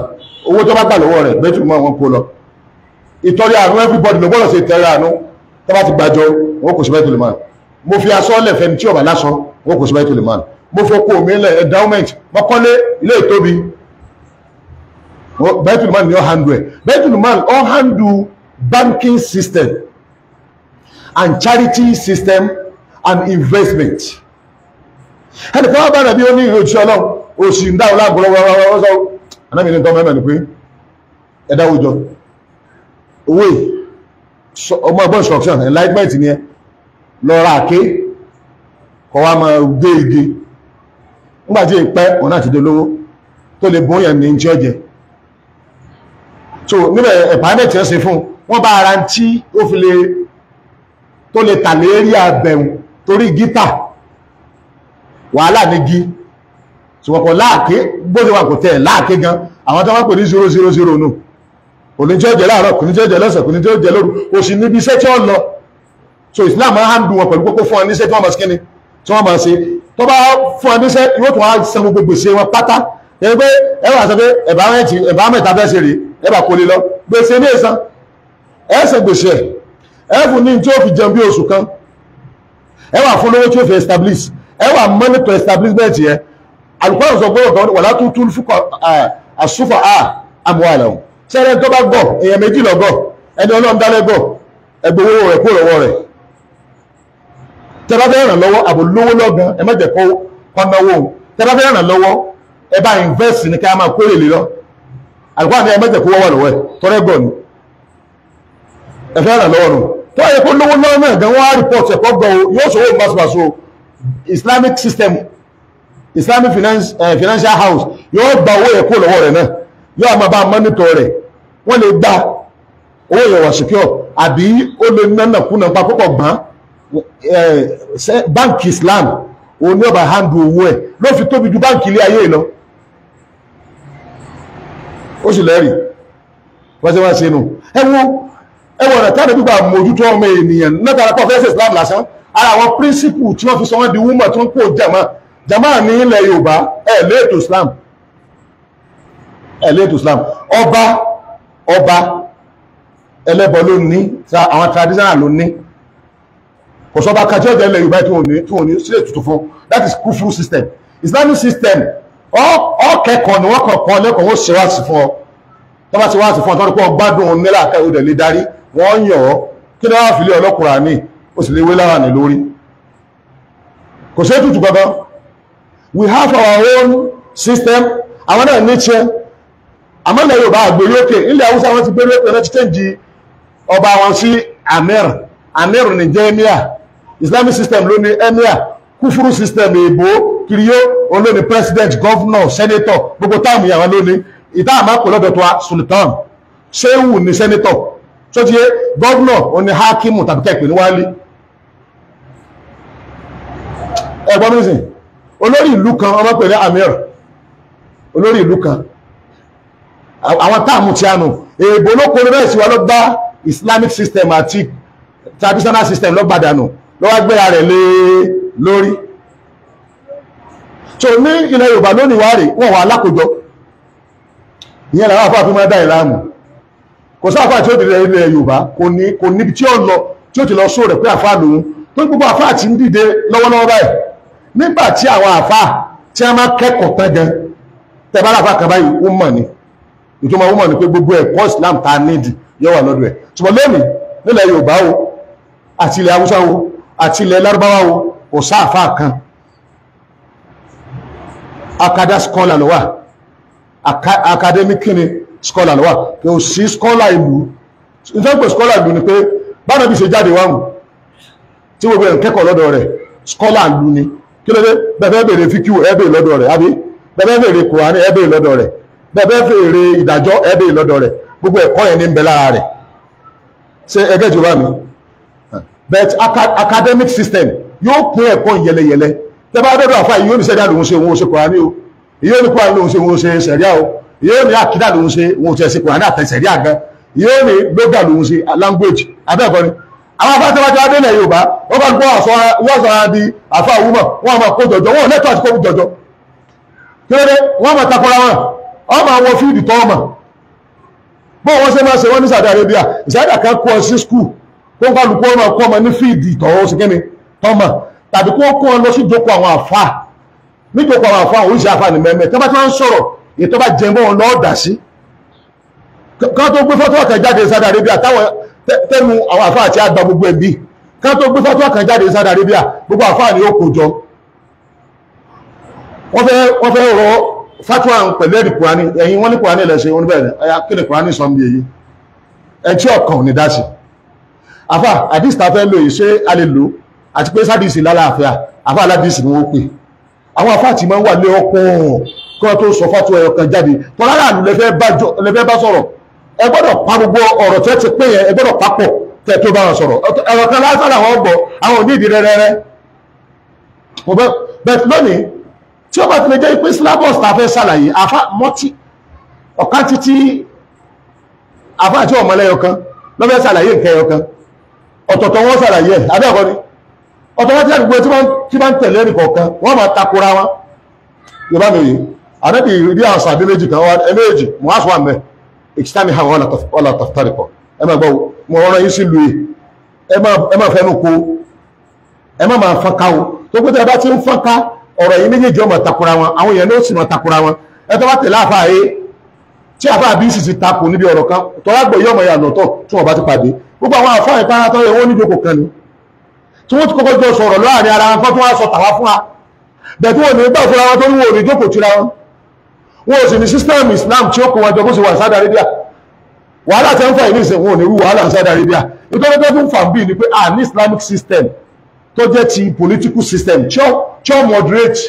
pé owó tó bá gbà lọ́wọ́ rẹ̀ bẹ́ẹ̀ tó mọ́ wọn kó lọ ìtọ́jú àánú everybody ló gbọ́dọ̀ ṣe tẹ̀lé àánú tó bá ti gbàjọ wọn kò sí bẹ́ẹ̀ tó lè máa mo fi aṣọ lẹ̀ fẹ́ni tí ọ̀bà lásán wọn kò sí bẹ́ẹ̀ tó lè máa mo fi okó mi lẹ̀ endowment mọ́kànlé ilé ìtóbi bẹ́ẹ̀ tó lè máa ní ọ̀hándù ẹ̀ bẹ́ẹ̀ tó lè máa ọ̀hándù banking system and charity system and investment ẹnì kan wà bá rẹ̀ bí ó ní ìròyìn òṣìṣẹ́ ọlọ́run òṣì ń dá ọlá àgbọ̀lọ́wọ́ anábì ní tọ́mọ̀ ẹ̀mẹ̀ni pé ẹ̀dá òjò owó ọmọ ẹgbọ́n instruction enlightenment ni ẹ lọ́ra àké kọ́ wá máa dé igi nígbàtí ìpẹ́ ọ̀nà àti dolówó tó lè bóyá yẹn ní tí ó jẹ so níbẹ̀ ẹ̀pánẹ̀tì ẹ̀ ṣe fún wọ́n bá ara tí ó fi lè tó lè tà lérí àbẹ̀wò torí gítà wàhálà ní gí ṣùgbọ́n kò láàké gbọ́dọ̀ wà kò tẹ̀ láàké gan àwọn tó wá pè ní zero zero zero nù kò ní jẹ́ jẹ́ láàárọ̀ kò ní jẹ́ jẹ́ lọ́sàn kò ní jẹ́ jẹ́ lóru o sì níbi iṣẹ́ tí wọ́n lọ so Islam máa ń dùn wọn pẹ̀lú kókó fún ọ níṣẹ́ tí wọ́n máa ṣe kíni tí wọ́n máa ṣe tó bá fún ọ níṣẹ́ yóò tún wá san gbogbo gbèsè wọn pátá ẹ pé ẹ wà sọ pé ẹ̀bá mẹ́ta fẹ́ ṣe rèé ẹ bá kó lè lọ gbèsè ní èsàn ẹ ṣe gbèsè ẹ fún ní tí ó fi jẹun bí oṣù kan ẹ wà fún lówó tí ó fi establish ẹ wà mọ́nítọ̀ establishment yẹn alùpàá sọ gbọ́dọ̀ kan wà látúntú fúkọ àsúfà á amúhalẹ̀ ọ̀hún sẹ́rẹ́ tó bá gọ̀ èèyàn méjì lọ́gọ̀ ẹni ọlọ́run dálẹ́ gọ̀ ẹgbẹ́ owó rẹ̀ kó lọ́wọ́ rẹ̀ tẹ́lá fẹ́ ràn lọ́wọ́ àbò lówó lọ́gàn ẹ má jẹ́ kó tẹ́lá fẹ́ lọ́wọ́ ẹ bá invest ní ká máa kórè lé lọ alùpàá ni ẹ má jẹ́ kó wọ́wọ́ lọ́wọ́ ẹ tọ́rẹ́ gọ̀ ni ẹ fẹ́ ràn lọ́wọ́ nù tó yẹ kó lówó lọ́wọ́ náà gan wọ́n á rìpọ̀tì ẹ̀kọ́ gan yóò sọ wọ́n bá Islamic system islamic finance uh, financial house yóò gba owó yẹn kó lọ́wọ́ rẹ̀ náà yóò máa bá mọ́nítọ̀ rẹ̀ wọ́n lè gba owó yẹn wà secure àbí ó lè nánà kùnà pa púpọ̀ gbọ́n eh, Bank islam òun ni ọba hand owó ẹ̀ ló fi tóbi ju báńkì ilé ayé lọ ó sì lẹ́rìí wọ́n ṣe wá ṣe nù ẹ wo ẹ wọ ọ̀rẹ́ táwọn gbígbà mójútó ọmọ ènìyàn náà tààrà pọ̀ fẹ́ẹ́ sẹ́ islam lásán ara àwọn píríncípù tí wọ́n fi sọ wọ́n di wúmọ̀ tí wọ́n kó jẹ̀ mọ́ jama ní ilẹ̀ yorùbá ẹ̀ islam ẹ̀ léètò islam ọba ọba ẹlẹ́bọ ló ní àwọn traditional ló ní kò sọ́ba kájọ́ ìjọ ilẹ̀ yorùbá tí wọ́n ní sílẹ̀ tuntun fún that is kúfúrú system islamic system ọ̀kẹ́kọ̀ọ́ ni wọ́n kọ̀ọ̀kan lẹ́kọ̀ọ́ wọ́n ṣe wá sí fún ọ tọ́ba ti wá sí fún ọ tọ́ba pé ọ gbádùn nílà kẹ́rù dẹ̀ lè darí wọ́n yàn ọ́ kí ni wọ́n á fi lé ọlọ́kùnrin àní ó sì lè wé lára ní lórí kò sí ètùtù gangan we have our own system àwọn náà ní tiẹ̀ àmọ́ ilẹ̀ Yorùbá àgbèrè òkè ilẹ̀ Haúsá wọn ti gbèrè òkè náà ti tẹ́ǹjì ọba wọn sí amir amir ní jẹ́ emir Islamic system ló ní emir kúfúrú system èèbó kiriyó òun president governor senator gbogbo táàmù yàrá ló ní ìta àmàkù lọ́dọ̀ tó wa sultan sehu ni senator tó ti yé governor òun hakimu tàbí kẹ́ẹ̀pẹ́ ní wálé ẹ̀gbọ́n mi sìn olórí ìlú kan ọmọ pè ní amir olórí ìlú kan àwọn táàmù tí a nù èèbò olókòrò bẹ́ẹ̀ sí wa ló islamic system àti traditional system ló gbàdánù ló wá gbéra rẹ̀ lé lórí tó ní ilẹ̀ yorùbá lónìí wá rè wọ́n wà alákòjọ ìyẹn làwọn afáàfin máa dá ìlàmù kò sáfà tí ó ti rẹ̀ ilẹ̀ yorùbá kò níbi tí ó lọ tí ó ti lọ sóò pé àfáà lòun tó gbogbo àfáà ti ń dìde lọ́wọ́lọ́wọ́ báyìí nígbà tí àwọn àfà tí a máa kẹ́kọ̀ọ́ tán gan tẹ̀bá àfà kan báyìí ó mọ̀ ni ìtumọ̀ ó mọ̀ ni pé gbogbo ẹ̀kọ́ Islam ta nídìí yóò wà lọ́dọ̀ ẹ̀ ṣùgbọ́n lónìí nílẹ̀ Yorùbá o àti ilẹ̀ Haúsá o àti ilẹ̀ Lárúbáwá o kò sáàfà kan akada scholar ló wà academic kini scholar ló wà kò sí scholar ìlú nítorí pé scholar ìlú ni pé báwọn ibi ṣe jáde wà mú tí gbogbo ẹ̀ kẹ́kọ̀ọ́ lọ́dọ̀ rẹ̀ scholar ìlú ni kí ló dé bẹ́ẹ̀ bèrè fíkú ẹ bèrè lọ́dọ̀ rẹ̀ àbí bẹ́ẹ̀ bèrè kùránì ẹ bèrè lọ́dọ̀ rẹ̀ bẹ́ẹ̀ bèrè ìdájọ́ ẹ bèrè lọ́dọ̀ rẹ̀ gbogbo ẹ̀kọ́ yẹn ní ń bẹ lára rẹ̀ ṣe ẹgẹ́ jù bá mi but academic system yóò pín ẹ̀kọ́ yẹlẹyẹlẹ tẹ bá dọ́dọ̀ àfa yìí yóò ní sẹ́dá lòun ṣe òun ṣe kùránì o yóò ní kùránì lòun ṣe òun ṣe sẹ̀ríà o yóò ní àkídà lòun ṣe òun ṣe kùránì àtẹ̀sẹ̀ríà gan yóò ní gbógbà lòun ṣe language abẹ́ẹ̀kọ́ ni àwọn afẹ́sẹ́wájú adélẹ̀ yorùbá wọ́n bá ń gbọ́ wọ́n sọ̀rọ̀ di àfa òwúmọ̀ wọ́n máa kó jọjọ wọ́n lẹ́tọ̀ọ́ àti kó jọjọ kílódé wọ́n máa takora wọn wọ́n máa wọ fíìdì tọ́ ọmọ bó wọ́n ṣe máa ṣe wọ́n ní Saudi Arabia ìsáyẹ̀dà kan kó ọ sí skul kó ń kálukú ọmọ kó ọmọ ní fíìdì tọ́wọ́ sí kíni tọ́mọ tàbí kó kó ọ lọ sí ìjókòó àwọn àfa níjókòó àwọn àfa oríṣi àfa ní mẹ́mẹ́ tẹ́bá tí wọ́n ń sọ̀rọ̀ ètò bá jẹ́ mọ́ wọn lọ́ọ́ dà sí kí wọ́n tó gbé fọ́tò ọ̀kẹ́ tẹ́nu àwọn àfáà àti àgbà gbogbo ẹ̀bí ká tó gbé fatuwa kan jáde ní Saudi Arabia gbogbo àfáà ni ó kò jọ wọ́n fẹ́ wọ́n fẹ́ rọ fatuwa pẹ̀lú ẹ̀rí kùránì ẹ̀yin wọ́n ní kùránì lẹ́sẹ̀ wọn bẹ̀rẹ̀ ẹ̀yà kí ni kùránì sọ bí èyí ẹ̀ tí ọ̀kan ní dáṣì àfà àdìsítà fẹ́ lò yìí ṣé a lè lò àti pé sádìsì lálàáfíà àfà aládìsì ni wọ́n pè àwọn àfà àti máa ń wà lé ọkọ̀ kí wọ́n tó sọ fatuwa ẹ̀yọkan jáde tọ́lá ẹ gbọ́dọ̀ pa gbogbo ọ̀rọ̀ tó ti pé yẹn ẹ gbọ́dọ̀ tó bá wọn sọ̀rọ̀ ẹ̀rọ kan lásán làwọn ti lè pé ta ṣàlàyé àfa ni àdúgbò ìkítàmì àwọn ọ̀là tàfitàrìkọ̀ ẹ gbọ́ mọ̀ ọ̀rọ̀ yìí sí lu ẹ máa fẹ́nu kó ẹ máa fọ́nká o tó pé tẹ́ bá ti ń fọ́nká ọ̀rọ̀ yìí méjèèjì ọmọ takura wọn àwọn èèyàn ní ó sì mọ̀ takura wọn ẹ tó bá tẹ̀lé àfáà yé tí àfáà bí sì ti takò níbi ọ̀rọ̀ kan tọ́lá gbọ̀ yọ̀mọ̀ yà lọ́tọ̀ tí wọ́n bá ti pàdé gbogbo àwọn àfáà ìpara tó yẹ wọ́n ní ìjókòó kan ni tí wọ́n ti kọ́kọ́ jọ sọ̀rọ̀ láàrin ara wọn fọ́n tó wá sọ tàwa fún wa bẹ̀ tí wọ́n bá fúnra wọn tó wọn ò sì ní sísítẹ́ẹ̀mù Islam tí ó kó wọn jọ bó ṣe wà ní Saudi Arabia wàhálà tẹ́ ń fà ìní ìsìn wọn wàhálà ní Arabia nítorí tó tún fà bí ni pé a ní Islamic system tó jẹ́ ti political system tí ó moderate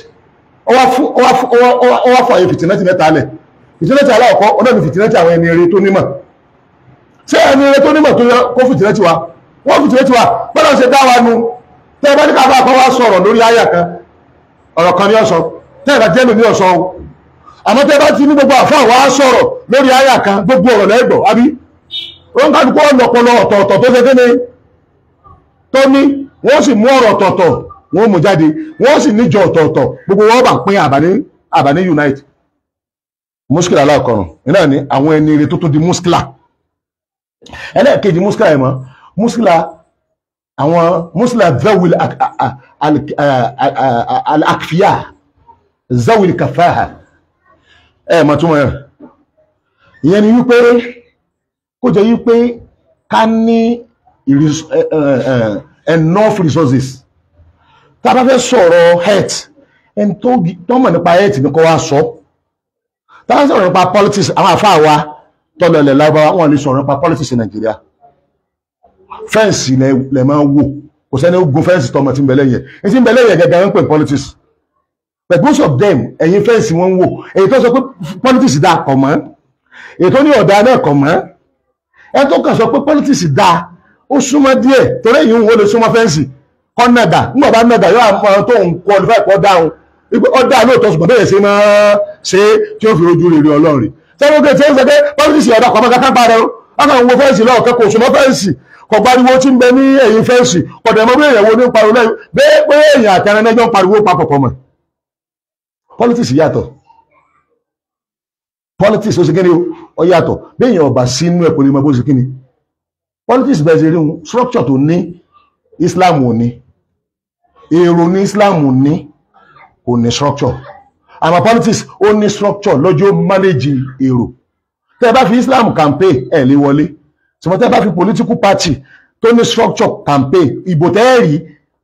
ó wá fọ àyè fìtínẹ́tì mẹ́ta alẹ̀ fìtínẹ́tì aláwọ̀kọ́ ọ̀nàmì fìtínẹ́tì àwọn ẹni eré tó nímọ̀ ṣé ẹni eré tó nímọ̀ tó yẹ kó fìtínẹ́tì wa wọ́n fìtínẹ́tì wa bọ́lá ṣe dá wa nu tẹ́ ẹ bá ní ká bá a kọ́ wa sọ̀rọ̀ lórí àyà kan ọ̀rọ̀ kan ní ọ̀sán tẹ́ ẹ bá jẹ́ lóní ọ̀sán o àmọ́ tẹ́ bá ti ní gbogbo àfáà wá sọ̀rọ̀ lórí àyà kan gbogbo ọ̀rọ̀ lẹ́gbọ̀ àbí wọ́n kàdù kó ọ̀nà ọpọlọ ọ̀tọ̀ọ̀tọ̀ tó ṣe kéde tó ní wọ́n sì mú ọ̀rọ̀ ọ̀tọ̀ọ̀tọ̀ wọ́n mú jáde wọ́n sì níjọ ọ̀tọ̀ọ̀tọ̀ gbogbo wọn bá pín àbáni àbáni unite muskila aláàkọrùn iná ni àwọn ẹni ire tó tún di muskila ẹlẹ́ẹ̀kejì muskila yẹn mọ́ muskila àwọn muskila zawil alakfiya zawil kafaha ẹ mọ̀ tún wọn ìyẹn ni wípé kó jẹ́ wípé ká ní enough resources tá a bá fẹ́ sọ̀rọ̀ health ẹni tó mọ̀ nípa health ni wá sọ tá bá sọ̀rọ̀ nípa politics àwọn àfáà wa tọ́lọ̀lẹ̀ lábára wọn lè sọ̀rọ̀ nípa politics Nàìjíríà fẹ́ǹsì lẹ̀ máa wò kò sẹ́ni ó gun fẹ́ǹsì tọmọ tí ń bẹ lẹ́yìn ẹ̀ tí ń bẹ lẹ́yìn ẹ̀ gẹ́gẹ́ ń pè politics but most of them ẹ̀yin fẹ́ǹsì wọn ń wò èyí tó sọ pé politics dáa kọ̀ mọ́ èyí tó ní ọ̀dà náà kọ̀ mọ́ ẹ tó kàn sọ pé politics dáa ó súnmọ́ díẹ̀ torí èyí ń wo lè súnmọ́ fẹ́ǹsì kọ́ nàdà ńgbà bá nàdà yóò àwọn tó ń qualify kọ́ dáhùn ọ̀dà lóòótọ́ ṣùgbọ́n bẹ́ẹ̀ ṣe máa ṣe tí ó fi ojú rere ọlọ́run rẹ̀ sẹ́wọ́gẹ́ tí ó ń sọ pé politics ọ̀dà kọ̀ mọ́ kankan parẹ́ o ọkàn ń wo fẹ́ǹsì lọ́ọ̀kẹ́ kò súnmọ́ fẹ́ǹsì kò pariwo tí ń bẹ ní ẹ̀yìn fẹ́ǹsì kọ̀dẹ̀ mọ́ bí èèyàn wo ní pariwo náà bẹ́ẹ̀ pé èèyàn àtẹnudẹ́jọ́ pariwo papọ̀ pọ̀ mọ́ politics yàtọ̀ politics ó ṣe kí ni ó yàtọ̀ béèyàn ọba sínú ẹ̀ kò lè mọ bó ṣe kí ni politics bẹ̀rẹ̀ sí rí un structure tó ní Islam ò ní èrò ní Islam ò ní kò ní structure àmọ́ politics ó ní structure lọ́jọ́ manage èrò tẹ́ bá fi Islam campaign ẹ̀ lè wọlé ṣùgbọ́n tẹ́ bá fi political party tó ní structure campaign ìbò tẹ́ẹ̀rí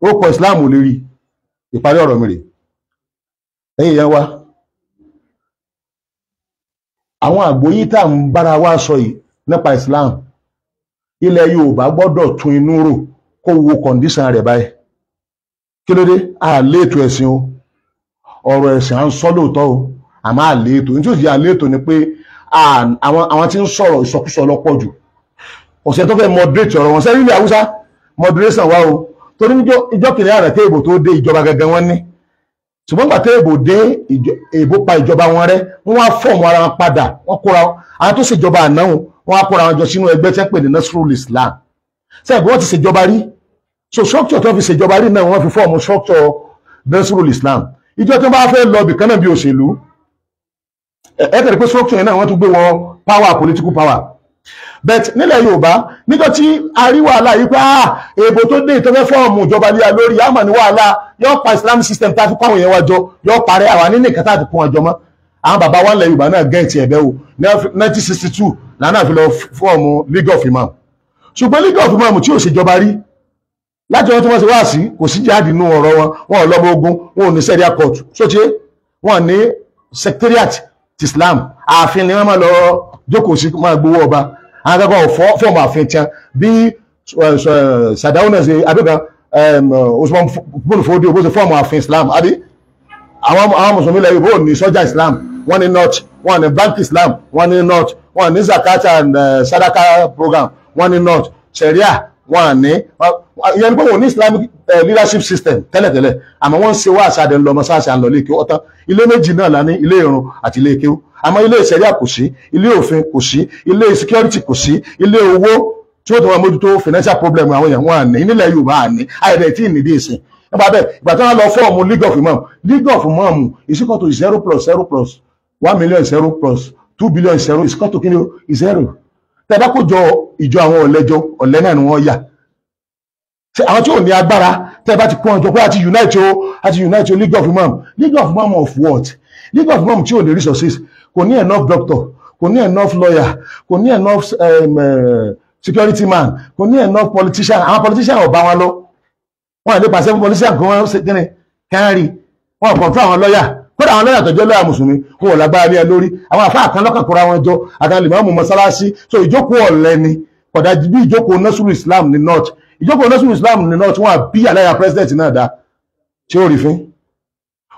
ó kọ Islam ò lè rí ìparí ọ̀rọ̀ mi rèé. Eyi yẹn wa àwọn àgbóyí tá à ń bára wa sọ yìí nípa Islam ilẹ̀ Yorùbá gbọ́dọ̀ tún inú rò kó wo kọ̀ǹdíṣàn rẹ̀ báyìí kí a leeto ètò o ọ̀rọ̀ ẹ̀sìn à ń sọ lóòótọ́ o àmọ́ leeto. lè ètò nítorí òsì a lè ètò ni pé àwọn tí ń sọ̀rọ̀ ìsọkúsọ lọ́pọ̀ jù ọ̀sẹ̀ tó fẹ́ moderate ọ̀rọ̀ wọn sẹ́yìn ilẹ̀ Haúsá moderation wa o torí ìjọ kìnìún àrẹ̀tẹ́ ìbò tó dé ìjọba wọn ṣùgbọ́n gbàtẹ́ èbò dé èbò pa ìjọba wọn rẹ́ wọ́n wá fọ́ọ̀mù ara wọn padà wọ́n kóra àwọn tó ṣèjọba ànáhùn wọ́n á kóra wọn jọ sínú ẹgbẹ́ tí wọ́n pè ní Nasrul Islam sẹ́ẹ̀bù wọ́n ti ṣèjọba rí so structure tó fi ṣèjọba rí náà wọ́n fi fọ́ọ̀mù structure Nasrul Islam ìjọ tó bá fẹ́ lọ bìkan náà bí òṣèlú ẹ̀ẹ́dẹ̀rẹ̀ pé structure yẹn náà wọ́n tún gbé wọ power political power Bet nílẹ̀ yorùbá níjọ́ tí a rí wàhálà yìí pé ah èèbò tó dé ìtọ́fẹ́ fọ́ọ̀mù ìjọba lé lórí àmọ́ ní wàhálà yóò pa islam system tá a fi kó àwọn èèyàn wa jọ yóò parẹ́ àwa nínú ìkẹta àti kún àjọmọ́ àwọn bàbá wa nílẹ̀ yorùbá náà gẹ̀ẹ́tì ẹ̀bẹ́ o 1962 làánà fi lọ fọ́ọ̀mù league of imam ṣùgbọ́n league of imam tí ò ṣèjọba rí láti ọjọ́ tí wọ́n ti wá sí kò sí jáde inú ọ̀rọ̀ wọn wọn ò lọ́mọ ogun wọn ò ní sẹ́ríà court sóti wọn ní secretariat ti islam ààfin ni wọ́n máa lọ jókòó sí máa gbowó ọba àwọn akẹ́kọ̀ọ́ fọ́ọ̀mù ààfin tiẹ̀ bí Sardauna ṣe abẹ́kan Usman bùnú fòdí òbó fọ́ọ̀mù ààfin Islam àbí àwọn mùsùlùmí ilẹ̀ Yorùbá ò ní sọ́jà Islam wọ́n ní north wọ́n ní bank Islam wọ́n ní north wọ́n ní zakata and eh, sadaka program wọ́n ní north sharia wọ́n ní ìyẹn ni pé wọn ní islamic eh, leadership system tẹ́lẹ̀tẹ́lẹ̀ àmọ́ wọ́n ń ṣe wá àṣàdẹ̀ ńlọ mọ́sáàṣà ńlọ ilé kéwọ́ tán ilé méjì náà la ní ilé ìrun àti ilé kéwọ́ àmọ́ ilé ìṣẹ̀ríà kò sí ilé òfin kò sí ilé security kò sí ilé owó tí ó tó wọn mójútó financial problem àwọn èèyàn wọn àní nílẹ̀ yorùbá àní àìrẹ̀ tí ì nídìí ìsìn nípa bẹ́ẹ̀ ìgbà tí wọ́n lọ fọ́ọ̀mù league of imam league of imam ìsìkọ́ tó zero plus zero plus one million zero plus two billion zero ìsìkọ́ tó kí ni zero tẹ́ bá kó jọ ìjọ àwọn ọ̀lẹ́jọ ọ̀lẹ́ náà ni wọ́n yà ṣe àwọn tí ò ní agbára tẹ́ bá ti kó wọn pé àti unite o àti unite o league of imam league of imam of what league of imam tí ò ní resources kò ní enough doctor kò ní enough lawyer kò ní enough um, uh, security man kò ní enough politician àwọn politician ọba wọn lọ wọn lè pàṣẹ fún politician kí wọn ṣe kíni kẹrin wọn kọ̀ọ̀tún àwọn lọ́yà kódà àwọn lọ́yà tó jẹ́ lọ́yà mùsùlùmí wọn ò lágbára ní ẹ lórí àwọn àfáà kan lọ́kàn kóra wọn jọ àtàlẹ́ mọ́mú mọ́sálásí so ìjókòó ọ̀lẹ́ni kódà bí ìjókòó nọ́sùrù Islam ní north ìjókòó nọ́sùn Islam náà tí wọ́n bí àláyà president náà dá tí ó rí fín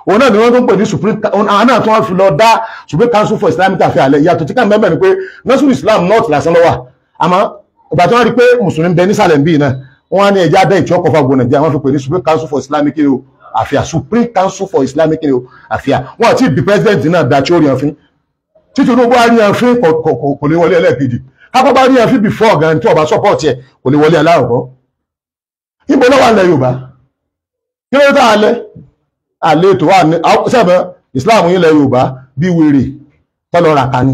òun náà ni wọ́n tó ń pè ní supreme àwọn náà tó wọ́n fi lọ dá supreme council for Islamic affairs alẹ́ yàtọ̀ tí káàmì mẹ́mẹ́ ni pé nọ́sùn Islam north lásán lọ́wà àmọ́ ìgbà tí wọ́n rí pé mùsùlùmí bẹ nísàlẹ̀ ń bí náà wọ́n á ní ẹja dẹ́ ìtí ọkọ̀ fagbọ̀n Nàìjíríà wọ́n fi pè ní supreme council for Islamic affairs supreme council for Islamic affairs wọ́n àti ìbí president náà dá tí ó rí ọ̀fin títí olóògbé á rí ọ̀fin kò lè wọlé ẹlẹ́ẹ̀kejì kápá bá rí ọ̀fin before gan tí ọba support ẹ̀ kò lè wọlé aláàrọ̀ ibo lọ́wọ́ alẹ́ yorùbá kí ló tá alẹ́ alẹ́ tó wà ní sẹ́bẹ̀ islam yìí lẹ yorùbá bí wèrè tọ́lọ ràkà ni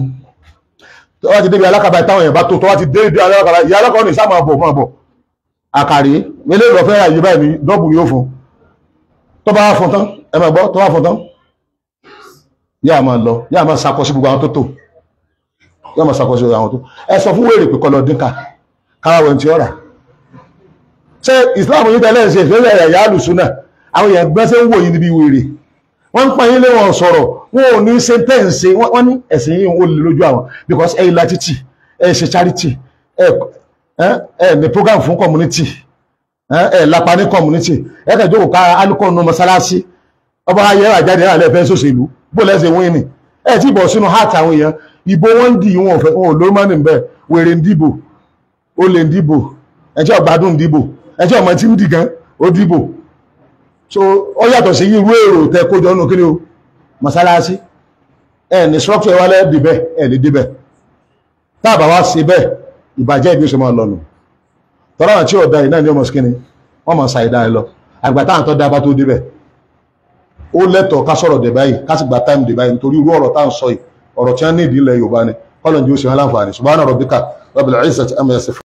tọ́wọ́ ti débi alákàbà táwọn èèyàn bá tó tọ́wọ́ ti débi alákàbà ìyá alákọ̀ọ́ ní sáàmù àbọ̀ fún àbọ̀ àkàrí ilé ìlọ fẹ́ àyè báyìí ní dọ́bù yóò fún tó bá fún tán ẹ máa gbọ́ tó bá fún tán yá máa lọ yá máa ṣàkóso gbogbo àwọn tó tò yá máa ṣàkóso àwọn tó ẹ sọ fún wèrè pé kọlọ dínkà káwọn tí ó rà ṣé islam yìí tẹ́lẹ̀ ṣe ìfẹ́ ẹ̀yà alùsùnà àwọn èèyàn gbọ́n ṣe ń wò yín níbi wèrè wọ́n ń pa yín lé wọn sọ̀rọ̀ wọn ò ní ṣe tẹ́ǹṣe wọ́n ní ẹ̀sìn yìí ò lè lójú àwọn because ẹ̀yìn la títì ẹ̀ ṣe charity ẹ̀ ní program fún community ẹ̀ lápá ní community ẹ̀ kẹjọ kò ká alukọ̀ nù mọ́sálásí ọba ayé àjáde àlẹ́ fẹ́ sòṣèlú bó lẹ́sẹ̀ wọ́n ní ẹ̀ tí bọ̀ sínú heart àwọn èèyàn ìbò wọn ń dì wọn ò lórí mọ́nì bẹ́ẹ̀ wèrè ń dìbò olè ń dìbò ẹ̀jẹ̀ ọ̀gbádùn ń dìbò ẹjọ́ ọmọ tí ń dì gan ó dìbò so ó yàtọ̀ sí irú èrò tẹ kójọ nù kí ni o mọ́sálásí ẹ ní structure wálẹ̀ dìbẹ̀ ẹ ní dìbẹ̀ tá a bá wá sí bẹ́ẹ̀ ìbàjẹ́ ìbí ṣe máa lọ nù tọ́lá àwọn tí ò da iná ní ọmọ skinny wọ́n máa ṣàìdá ẹ lọ àgbà táwọn tó dá bá tó débẹ̀ ó lẹ́tọ̀ọ́ ká sọ̀rọ̀ dé báyìí ká sì gba táìmù dé báyìí nítorí irú ọ̀rọ̀ táwọn sọ yìí ọ̀rọ̀ tí wọ́n ní ìdílé Yorùbá ni kọ́lọ̀ ní oṣù aláǹfààní subhana rabbika